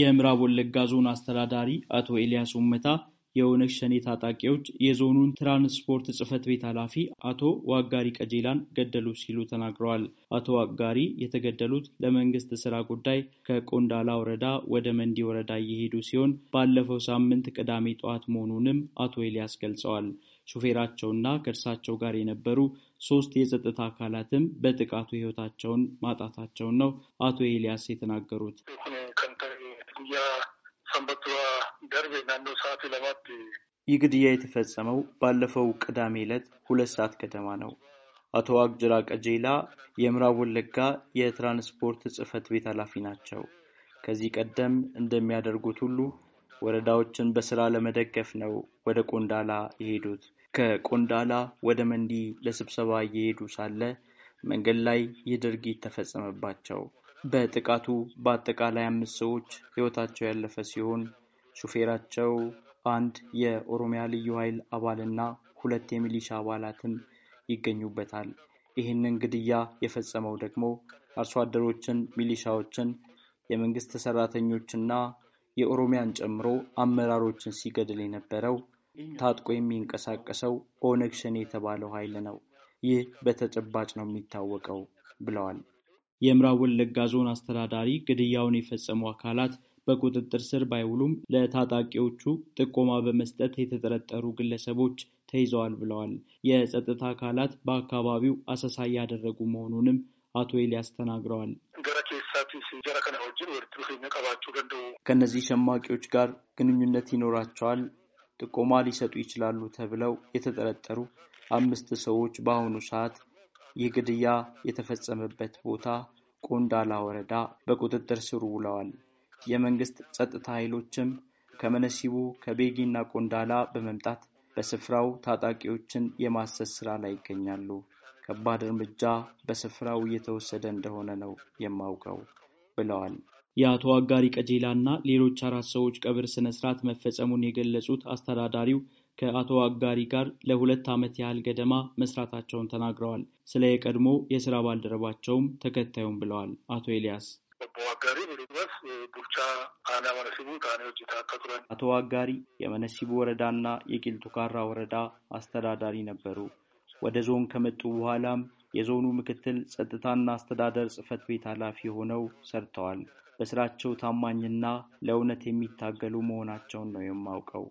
የምዕራብ ወለጋ ዞን አስተዳዳሪ አቶ ኤልያስ ውመታ የኦነግ ሸኔ ታጣቂዎች የዞኑን ትራንስፖርት ጽህፈት ቤት ኃላፊ አቶ ዋጋሪ ቀጄላን ገደሉ ሲሉ ተናግረዋል። አቶ ዋጋሪ የተገደሉት ለመንግስት ስራ ጉዳይ ከቆንዳላ ወረዳ ወደ መንዲ ወረዳ እየሄዱ ሲሆን ባለፈው ሳምንት ቅዳሜ ጠዋት መሆኑንም አቶ ኤልያስ ገልጸዋል። ሹፌራቸውና ከእርሳቸው ጋር የነበሩ ሶስት የጸጥታ አካላትም በጥቃቱ ሕይወታቸውን ማጣታቸውን ነው አቶ ኤልያስ የተናገሩት። ይህ ግድያ የተፈጸመው ባለፈው ቅዳሜ ዕለት ሁለት ሰዓት ከተማ ነው። አቶ ዋቅጅራ ቀጀላ የምዕራብ ወለጋ የትራንስፖርት ጽህፈት ቤት ኃላፊ ናቸው። ከዚህ ቀደም እንደሚያደርጉት ሁሉ ወረዳዎችን በስራ ለመደገፍ ነው ወደ ቆንዳላ የሄዱት። ከቆንዳላ ወደ መንዲ ለስብሰባ እየሄዱ ሳለ መንገድ ላይ ይህ ድርጊት ተፈጸመባቸው። በጥቃቱ በአጠቃላይ አምስት ሰዎች ህይወታቸው ያለፈ ሲሆን ሹፌራቸው አንድ የኦሮሚያ ልዩ ኃይል አባልና ሁለት የሚሊሻ አባላትም ይገኙበታል። ይህንን ግድያ የፈጸመው ደግሞ አርሶ አደሮችን፣ ሚሊሻዎችን፣ የመንግስት ሰራተኞችና የኦሮሚያን ጨምሮ አመራሮችን ሲገድል የነበረው ታጥቆ የሚንቀሳቀሰው ኦነግ ሸኔ የተባለው ኃይል ነው። ይህ በተጨባጭ ነው የሚታወቀው ብለዋል። የምዕራብ ወለጋ ዞን አስተዳዳሪ ግድያውን የፈጸሙ አካላት በቁጥጥር ስር ባይውሉም ለታጣቂዎቹ ጥቆማ በመስጠት የተጠረጠሩ ግለሰቦች ተይዘዋል ብለዋል። የጸጥታ አካላት በአካባቢው አሰሳ እያደረጉ መሆኑንም አቶ ኤልያስ ተናግረዋል። ከእነዚህ ሸማቂዎች ጋር ግንኙነት ይኖራቸዋል፣ ጥቆማ ሊሰጡ ይችላሉ ተብለው የተጠረጠሩ አምስት ሰዎች በአሁኑ ሰዓት የግድያ የተፈጸመበት ቦታ ቆንዳላ ወረዳ በቁጥጥር ስር ውለዋል። የመንግስት ጸጥታ ኃይሎችም ከመነሲቡ ከቤጊና ቆንዳላ በመምጣት በስፍራው ታጣቂዎችን የማሰስ ሥራ ላይ ይገኛሉ። ከባድ እርምጃ በስፍራው እየተወሰደ እንደሆነ ነው የማውቀው ብለዋል። የአቶ አጋሪ ቀጄላ እና ሌሎች አራት ሰዎች ቀብር ስነ ስርዓት መፈጸሙን የገለጹት አስተዳዳሪው ከአቶ አጋሪ ጋር ለሁለት ዓመት ያህል ገደማ መስራታቸውን ተናግረዋል። ስለ የቀድሞ የስራ ባልደረባቸውም ተከታዩም ብለዋል አቶ ኤልያስ አጋሪ ለመደገፍ ቡልቻ አና መነሲቡ ታኔ ሆጅታ አቶ አጋሪ የመነሲቡ ወረዳና የቂልጡ ካራ ወረዳ አስተዳዳሪ ነበሩ። ወደ ዞን ከመጡ በኋላም የዞኑ ምክትል ጸጥታና አስተዳደር ጽህፈት ቤት ኃላፊ ሆነው ሰርተዋል። በስራቸው ታማኝና ለእውነት የሚታገሉ መሆናቸውን ነው የማውቀው።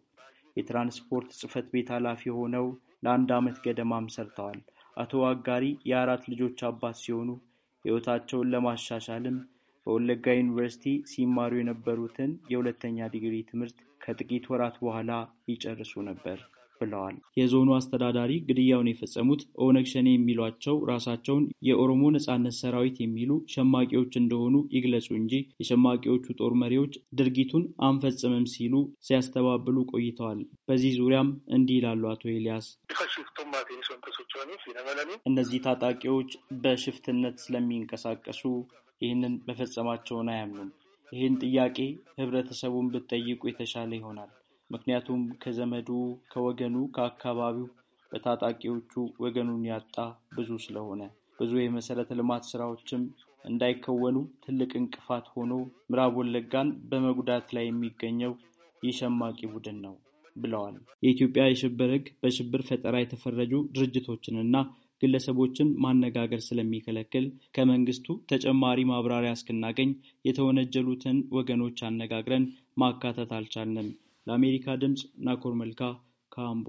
የትራንስፖርት ጽህፈት ቤት ኃላፊ ሆነው ለአንድ ዓመት ገደማም ሰርተዋል። አቶ አጋሪ የአራት ልጆች አባት ሲሆኑ ሕይወታቸውን ለማሻሻልም በወለጋ ዩኒቨርሲቲ ሲማሩ የነበሩትን የሁለተኛ ዲግሪ ትምህርት ከጥቂት ወራት በኋላ ይጨርሱ ነበር ብለዋል። የዞኑ አስተዳዳሪ ግድያውን የፈጸሙት ኦነግ ሸኔ የሚሏቸው ራሳቸውን የኦሮሞ ነጻነት ሰራዊት የሚሉ ሸማቂዎች እንደሆኑ ይግለጹ እንጂ የሸማቂዎቹ ጦር መሪዎች ድርጊቱን አንፈጽምም ሲሉ ሲያስተባብሉ ቆይተዋል። በዚህ ዙሪያም እንዲህ ይላሉ አቶ ኤልያስ። እነዚህ ታጣቂዎች በሽፍትነት ስለሚንቀሳቀሱ ይህንን መፈጸማቸውን አያምኑም። ይህን ጥያቄ ህብረተሰቡን ብትጠይቁ የተሻለ ይሆናል። ምክንያቱም ከዘመዱ፣ ከወገኑ፣ ከአካባቢው በታጣቂዎቹ ወገኑን ያጣ ብዙ ስለሆነ ብዙ የመሰረተ ልማት ስራዎችም እንዳይከወኑ ትልቅ እንቅፋት ሆኖ ምዕራብ ወለጋን በመጉዳት ላይ የሚገኘው ይህ ሸማቂ ቡድን ነው ብለዋል። የኢትዮጵያ የሽብር ህግ በሽብር ፈጠራ የተፈረጁ ድርጅቶችንና ግለሰቦችን ማነጋገር ስለሚከለክል ከመንግስቱ ተጨማሪ ማብራሪያ እስክናገኝ የተወነጀሉትን ወገኖች አነጋግረን ማካተት አልቻልንም። ለአሜሪካ ድምፅ ናኮር መልካ ካምቦ